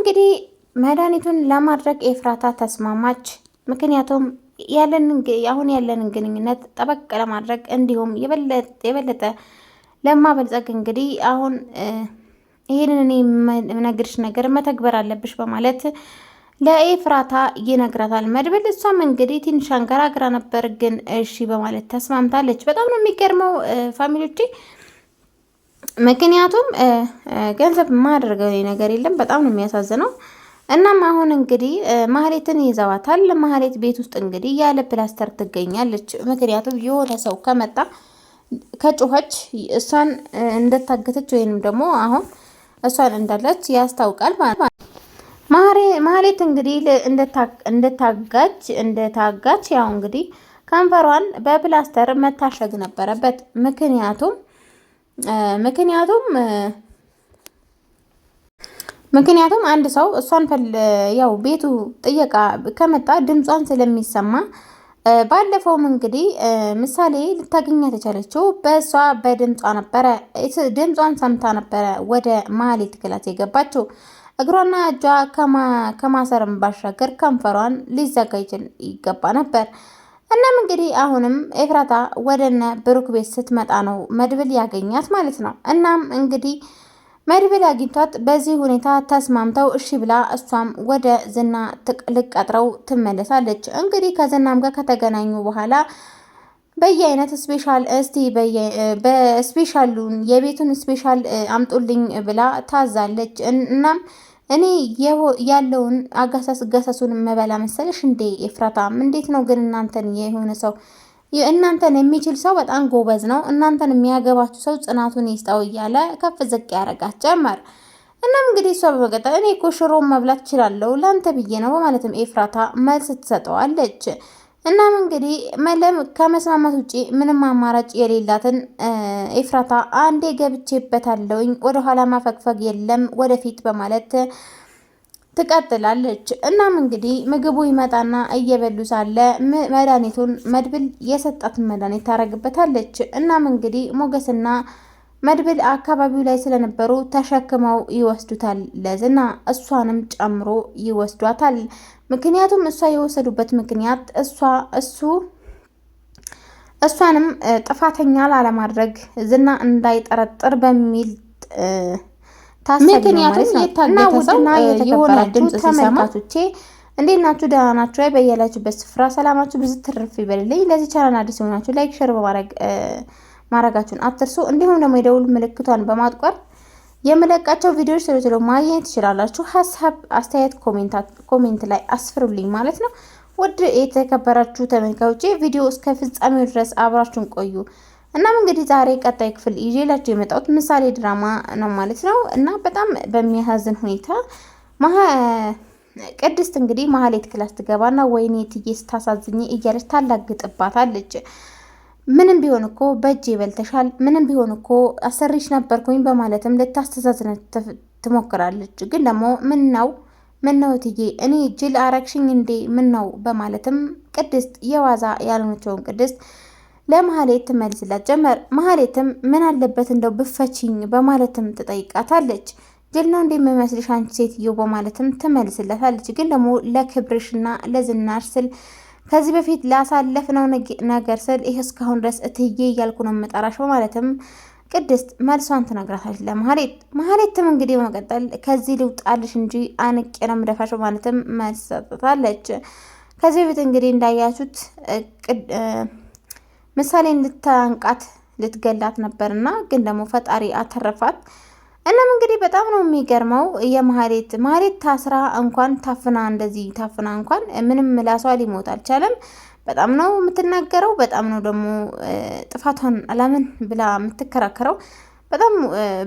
እንግዲህ መድኃኒቱን ለማድረግ ኤፍራታ ተስማማች። ምክንያቱም አሁን ያለንን ግንኙነት ጠበቅ ለማድረግ እንዲሁም የበለጠ ለማበልጸግ እንግዲህ አሁን ይህንን እኔ የምነግርሽ ነገር መተግበር አለብሽ በማለት ለኤፍራታ ይነግራታል መድብል። እሷም እንግዲህ ትንሽ አንገራግራ ነበር፣ ግን እሺ በማለት ተስማምታለች። በጣም ነው የሚገርመው ፋሚሊዎቼ ምክንያቱም ገንዘብ የማያደርገው ነገር የለም። በጣም ነው የሚያሳዝነው። እናም አሁን እንግዲህ ማህሌትን ይዘዋታል። ማህሌት ቤት ውስጥ እንግዲህ ያለ ፕላስተር ትገኛለች። ምክንያቱም የሆነ ሰው ከመጣ ከጩኸች እሷን እንደታገተች ወይንም ደግሞ አሁን እሷን እንዳለች ያስታውቃል ማለት ነው። ማህሌት እንግዲህ እንደታጋች እንደታጋች ያው እንግዲህ ከንፈሯን በፕላስተር መታሸግ ነበረበት ምክንያቱም ምክንያቱም ምክንያቱም አንድ ሰው እሷን ፈል ያው ቤቱ ጥየቃ ከመጣ ድምጿን ስለሚሰማ ባለፈውም እንግዲህ ምሳሌ ልታገኛት የቻለችው በእሷ በድምጿ ነበረ። ድምጿን ሰምታ ነበረ ወደ ማህሌት ክላስ የገባችው። እግሯና እጇ ከማሰርም ባሻገር ከንፈሯን ሊዘጋጅ ይገባ ነበር። እናም እንግዲህ አሁንም ኤፍራታ ወደነ ብሩክ ቤት ስትመጣ ነው መድብል ያገኛት ማለት ነው። እናም እንግዲህ መድብል አግኝቷት በዚህ ሁኔታ ተስማምተው እሺ ብላ እሷም ወደ ዝና ልቀጥረው ትመለሳለች። እንግዲህ ከዝናም ጋር ከተገናኙ በኋላ በየአይነት ስፔሻል እስቲ በስፔሻሉን የቤቱን ስፔሻል አምጡልኝ ብላ ታዛለች። እናም እኔ ያለውን አጋሳስ ገሰሱን መበላ መሰለሽ እንዴ? ኤፍራታም እንዴት ነው ግን እናንተን የሆነ ሰው እናንተን የሚችል ሰው በጣም ጎበዝ ነው። እናንተን የሚያገባችሁ ሰው ጽናቱን ይስጠው እያለ ከፍ ዝቅ ያደርጋት ጀመር። እናም እንግዲህ እሷ በመቀጠል እኔ እኮ መብላት እችላለሁ ለአንተ ብዬ ነው በማለትም ኤፍራታ መልስ ትሰጠዋለች። እናም እንግዲህ መለም ከመስማማት ውጪ ምንም አማራጭ የሌላትን ኤፍራታ አንዴ ገብቼበታለውኝ ወደኋላ ማፈግፈግ የለም ወደፊት በማለት ትቀጥላለች። እናም እንግዲህ ምግቡ ይመጣና እየበሉ ሳለ መድኃኒቱን መድብል የሰጣትን መድኃኒት ታረግበታለች። እናም እንግዲህ ሞገስና መድብል አካባቢው ላይ ስለነበሩ ተሸክመው ይወስዱታል ለዝና እሷንም ጨምሮ ይወስዷታል። ምክንያቱም እሷ የወሰዱበት ምክንያት እሷ እሱ እሷንም ጥፋተኛ ላለማድረግ ዝና እንዳይጠረጥር በሚል ምክንያቱም የታገተሰውና የተከበረ ድምፅ ተመልካቾቼ እንዴት ናችሁ? ደህና ናችሁ? በያላችሁበት ስፍራ ሰላማችሁ ብዙ ትርፍ ይበልልኝ። ለዚህ ቻናል አዲስ የሆናችሁ ላይክ ሸር በማድረግ ማድረጋችሁን አትርሱ። እንዲሁም ደግሞ የደውል ምልክቷን በማጥቆር የምለቃቸው ቪዲዮዎች ቶሎ ቶሎ ማግኘት ትችላላችሁ። ሀሳብ አስተያየት ኮሜንት ላይ አስፍሩልኝ ማለት ነው። ውድ የተከበራችሁ ተመልካዮች ቪዲዮ እስከ ፍጻሜው ድረስ አብራችሁን ቆዩ። እናም እንግዲህ ዛሬ ቀጣይ ክፍል ይዤላችሁ የመጣሁት ምሳሌ ድራማ ነው ማለት ነው እና በጣም በሚያሳዝን ሁኔታ ቅድስት እንግዲህ መሀሌት ክላስ ትገባና ወይኔ ትዬ ስታሳዝኝ እያለች ታላግጥባታለች። ምንም ቢሆን እኮ በእጅ ይበልተሻል፣ ምንም ቢሆን እኮ አሰሪሽ ነበርኩኝ በማለትም ልታስተዛዝነ ትሞክራለች። ግን ደግሞ ምን ነው ምን ነው እትዬ እኔ ጅል አረግሽኝ እንዴ ምን ነው በማለትም ቅድስት የዋዛ ያልሆነችውን ቅድስት ለመሀሌት ትመልስላት ጀመር። መሀሌትም ምን አለበት እንደው ብፈችኝ በማለትም ትጠይቃታለች። ጅል ነው እንዴ የሚመስልሽ አንቺ ሴትዮ በማለትም ትመልስላታለች። ግን ደግሞ ለክብርሽና ለዝናሽ ስል ከዚህ በፊት ላሳለፍነው ነገር ስል ይህ እስካሁን ድረስ እትዬ እያልኩ ነው የምጠራሽ ማለትም ቅድስት መልሷን ትነግራታለች ለማህሌት። ማህሌትም እንግዲህ በመቀጠል ከዚህ ልውጣልሽ እንጂ አንቄ ነው የምደፋሽ ማለትም መልስ ሰጥታለች። ከዚህ በፊት እንግዲህ እንዳያችሁት ምሳሌ ልታንቃት ልትገላት ነበርና ግን ደግሞ ፈጣሪ አተረፋት። እናም እንግዲህ በጣም ነው የሚገርመው የማህሌት ማህሌት ታስራ እንኳን ታፍና እንደዚህ ታፍና እንኳን ምንም ምላሷ ሊሞት አልቻለም። በጣም ነው የምትናገረው። በጣም ነው ደግሞ ጥፋቷን አላምን ብላ የምትከራከረው። በጣም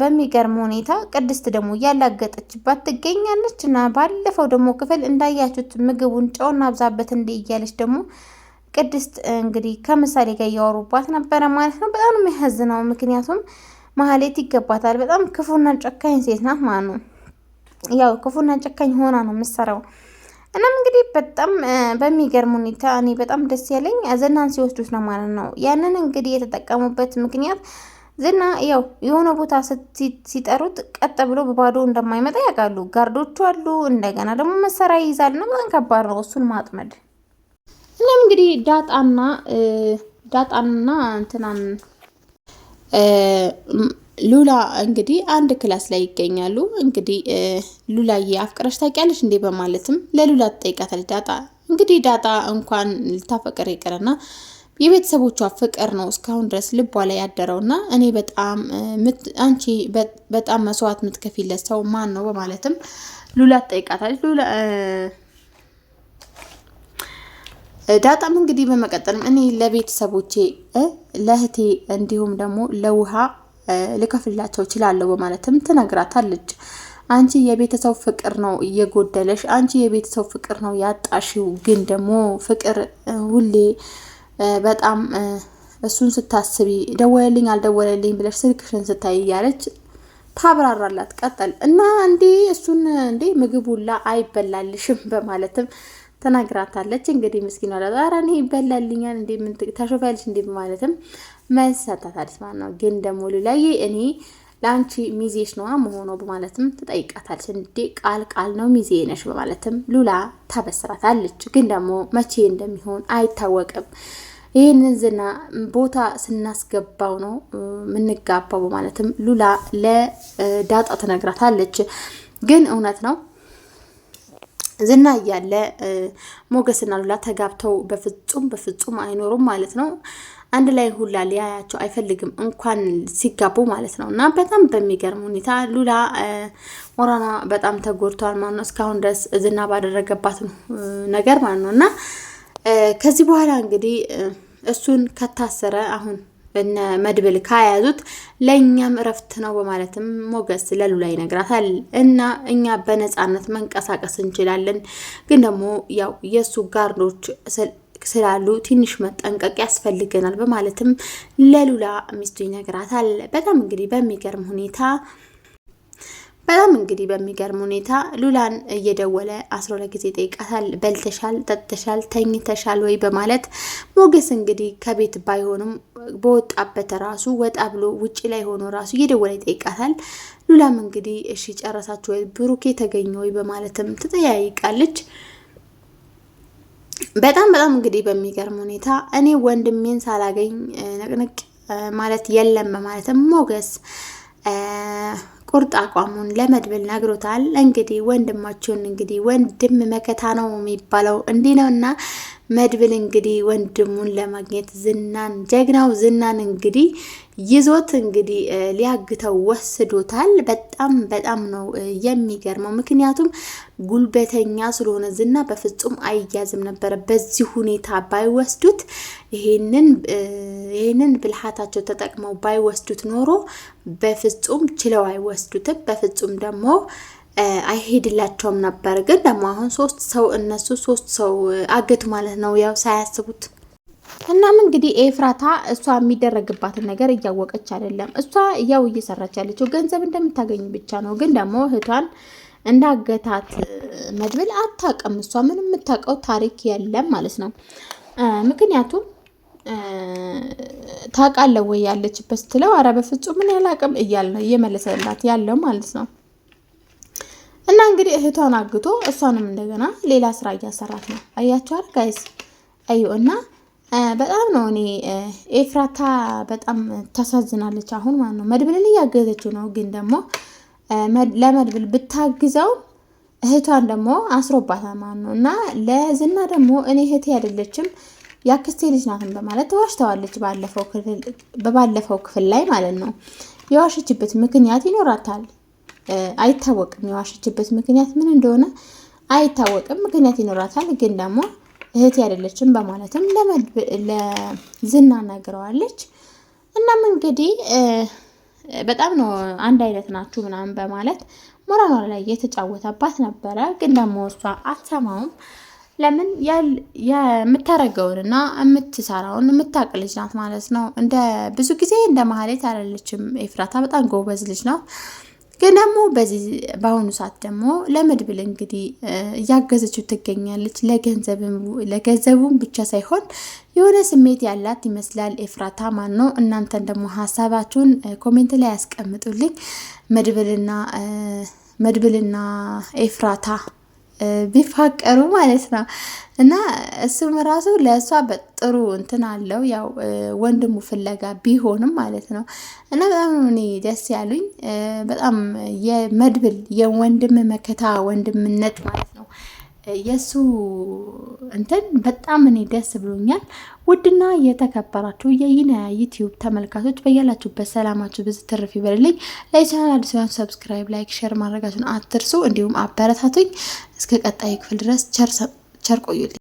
በሚገርም ሁኔታ ቅድስት ደግሞ እያላገጠችባት ትገኛለች። እና ባለፈው ደግሞ ክፍል እንዳያችሁት ምግቡን ጨውና ብዛበት እንዲ እያለች ደግሞ ቅድስት እንግዲህ ከምሳሌ ጋር እያወሩባት ነበረ ማለት ነው። በጣም ነው የሚያዝነው ምክንያቱም ማህሌት ይገባታል። በጣም ክፉና ጨካኝ ሴት ናት ማለት ነው። ያው ክፉና ጨካኝ ሆና ነው የምትሰራው። እናም እንግዲህ በጣም በሚገርም ሁኔታ እኔ በጣም ደስ ያለኝ ዝናን ሲወስዱት ነው ማለት ነው። ያንን እንግዲህ የተጠቀሙበት ምክንያት ዝና ያው የሆነ ቦታ ሲጠሩት ቀጥ ብሎ በባዶ እንደማይመጣ ያውቃሉ። ጋርዶቹ አሉ፣ እንደገና ደግሞ መሳሪያ ይይዛል እና በጣም ከባድ ነው እሱን ማጥመድ። እናም እንግዲህ ዳጣና ዳጣና እንትናን ሉላ እንግዲህ አንድ ክላስ ላይ ይገኛሉ። እንግዲህ ሉላዬ አፍቅረሽ ታውቂያለሽ እንዴ? በማለትም ለሉላ ትጠይቃታለች ዳጣ። እንግዲህ ዳጣ እንኳን ልታፈቅር ይቅርና የቤተሰቦቿ ፍቅር ነው እስካሁን ድረስ ልቧ ላይ ያደረው ያደረውና እኔ በጣም አንቺ በጣም መስዋዕት የምትከፊለት ሰው ማን ነው? በማለትም ሉላ ትጠይቃታለች። ሉላ ዳጣም እንግዲህ በመቀጠልም እኔ ለቤተሰቦቼ ለህቴ እንዲሁም ደግሞ ለውሃ ልከፍላቸው እችላለሁ በማለትም ትነግራታለች። አንቺ የቤተሰብ ፍቅር ነው እየጎደለሽ፣ አንቺ የቤተሰብ ፍቅር ነው ያጣሽው። ግን ደግሞ ፍቅር ሁሌ በጣም እሱን ስታስቢ ደወለልኝ አልደወለልኝ ብለሽ ስልክሽን ስታይ እያለች ታብራራላት። ቀጠል እና እንዴ እሱን እንዴ ምግቡላ አይበላልሽም በማለትም ተናግራታለች። እንግዲህ ምስኪን ወላ ዛራን ይበላልኛል እንዴ ምን ተሾፋልሽ እንዴ ማለትም መልስ ሰጣታለች ማለት ነው። ግን ደግሞ ሉላዬ እኔ ለአንቺ ሚዜሽ ነዋ መሆኖ በማለትም ትጠይቃታለች። እንዴ ቃል ቃል ነው ሚዜ ነሽ በማለትም ሉላ ታበስራታለች። ግን ደግሞ መቼ እንደሚሆን አይታወቅም ይህንን ዝና ቦታ ስናስገባው ነው የምንጋባው በማለትም ሉላ ለዳጣ ትነግራታለች። ግን እውነት ነው ዝና እያለ ሞገስና ሉላ ተጋብተው በፍጹም በፍጹም አይኖሩም ማለት ነው። አንድ ላይ ሁላ ሊያያቸው አይፈልግም እንኳን ሲጋቡ ማለት ነው። እና በጣም በሚገርም ሁኔታ ሉላ ሞራኗ በጣም ተጎድተዋል ማለት ነው። እስካሁን ድረስ ዝና ባደረገባት ነገር ማለት ነው። እና ከዚህ በኋላ እንግዲህ እሱን ከታሰረ አሁን በነ መድብል ካያዙት ለእኛም እረፍት ነው በማለትም ሞገስ ለሉላ ይነግራታል። እና እኛ በነፃነት መንቀሳቀስ እንችላለን፣ ግን ደግሞ ያው የእሱ ጋርዶች ስላሉ ትንሽ መጠንቀቅ ያስፈልገናል በማለትም ለሉላ ሚስቱ ይነግራታል። በጣም እንግዲህ በሚገርም ሁኔታ በጣም እንግዲህ በሚገርም ሁኔታ ሉላን እየደወለ አስራ ሁለት ጊዜ ጠይቃታል። በልተሻል፣ ጠጥተሻል፣ ተኝተሻል ወይ በማለት ሞገስ እንግዲህ ከቤት ባይሆንም በወጣበት ራሱ ወጣ ብሎ ውጭ ላይ ሆኖ ራሱ እየደወለ ይጠይቃታል። ሉላም እንግዲህ እሺ ጨረሳችሁ ወይ ብሩኬ ተገኘ ወይ በማለትም ትጠያይቃለች። በጣም በጣም እንግዲህ በሚገርም ሁኔታ እኔ ወንድሜን ሳላገኝ ንቅንቅ ማለት የለም በማለትም ሞገስ ቁርጥ አቋሙን ለመድብል ነግሮታል። እንግዲህ ወንድማችሁን እንግዲህ ወንድም መከታ ነው የሚባለው እንዲህ ነው እና መድብል እንግዲህ ወንድሙን ለማግኘት ዝናን ጀግናው ዝናን እንግዲህ ይዞት እንግዲህ ሊያግተው ወስዶታል። በጣም በጣም ነው የሚገርመው። ምክንያቱም ጉልበተኛ ስለሆነ ዝና በፍጹም አይያዝም ነበረ። በዚህ ሁኔታ ባይወስዱት ይህንን ብልሃታቸው ተጠቅመው ባይወስዱት ኖሮ በፍጹም ችለው አይወስዱትም። በፍጹም ደግሞ አይሄድላቸውም ነበር። ግን ደግሞ አሁን ሶስት ሰው እነሱ ሶስት ሰው አገቱ ማለት ነው ያው ሳያስቡት እናም እንግዲህ ኤፍራታ እሷ የሚደረግባትን ነገር እያወቀች አይደለም። እሷ ያው እየሰራች ያለችው ገንዘብ እንደምታገኝ ብቻ ነው። ግን ደግሞ እህቷን እንዳገታት መድብል አታውቅም። እሷ ምን የምታውቀው ታሪክ የለም ማለት ነው። ምክንያቱም ታውቃለህ ወይ ያለችበት ስትለው ኧረ በፍጹም ምን ያላቅም እያለ ነው እየመለሰላት ያለው ማለት ነው። እና እንግዲህ እህቷን አግቶ እሷንም እንደገና ሌላ ስራ እያሰራት ነው። አያቸዋል ጋይስ አዩ እና በጣም ነው እኔ ኤፍራታ በጣም ታሳዝናለች። አሁን ማለት ነው መድብልን እያገዘችው ነው፣ ግን ደግሞ ለመድብል ብታግዘው እህቷን ደግሞ አስሮባታል ማለት ነው። እና ለዝና ደግሞ እኔ እህቴ አይደለችም የአክስቴ ልጅ ናትን በማለት ዋሽተዋለች፣ በባለፈው ክፍል ላይ ማለት ነው። የዋሸችበት ምክንያት ይኖራታል፣ አይታወቅም። የዋሸችበት ምክንያት ምን እንደሆነ አይታወቅም፣ ምክንያት ይኖራታል ግን ደግሞ እህቴ አይደለችም በማለትም ለዝና ነግረዋለች። እናም እንግዲህ በጣም ነው አንድ አይነት ናችሁ ምናምን በማለት ሞራኗ ላይ እየተጫወተባት ነበረ። ግን ደግሞ እሷ አትሰማውም። ለምን የምታረገውንና የምትሰራውን የምታቅ ልጅ ናት ማለት ነው። እንደ ብዙ ጊዜ እንደ መሀሌት አላለችም። ኤፍራታ በጣም ጎበዝ ልጅ ነው። ግን ደግሞ በዚህ በአሁኑ ሰዓት ደግሞ ለመድብል እንግዲህ እያገዘችው ትገኛለች። ለገንዘቡም ብቻ ሳይሆን የሆነ ስሜት ያላት ይመስላል ኤፍራታ ማን ነው። እናንተን ደግሞ ሀሳባችሁን ኮሜንት ላይ ያስቀምጡልኝ። መድብልና መድብልና ኤፍራታ ቢፋቀሩ ማለት ነው። እና እሱም ራሱ ለእሷ ጥሩ እንትን አለው ያው ወንድሙ ፍለጋ ቢሆንም ማለት ነው። እና በጣም እኔ ደስ ያሉኝ በጣም የመድብል የወንድም መከታ ወንድምነት ማለት ነው። የእሱ እንትን በጣም እኔ ደስ ብሎኛል። ውድና የተከበራችሁ የይና ዩቲዩብ ተመልካቾች በያላችሁበት ሰላማችሁ ብዙ ትርፍ ይበልልኝ። ለቻናል አዲስ ሆናችሁ ሰብስክራይብ፣ ላይክ፣ ሼር ማድረጋችሁን አትርሱ። እንዲሁም አበረታቱኝ። እስከ ቀጣይ ክፍል ድረስ ቸር ቆዩልኝ።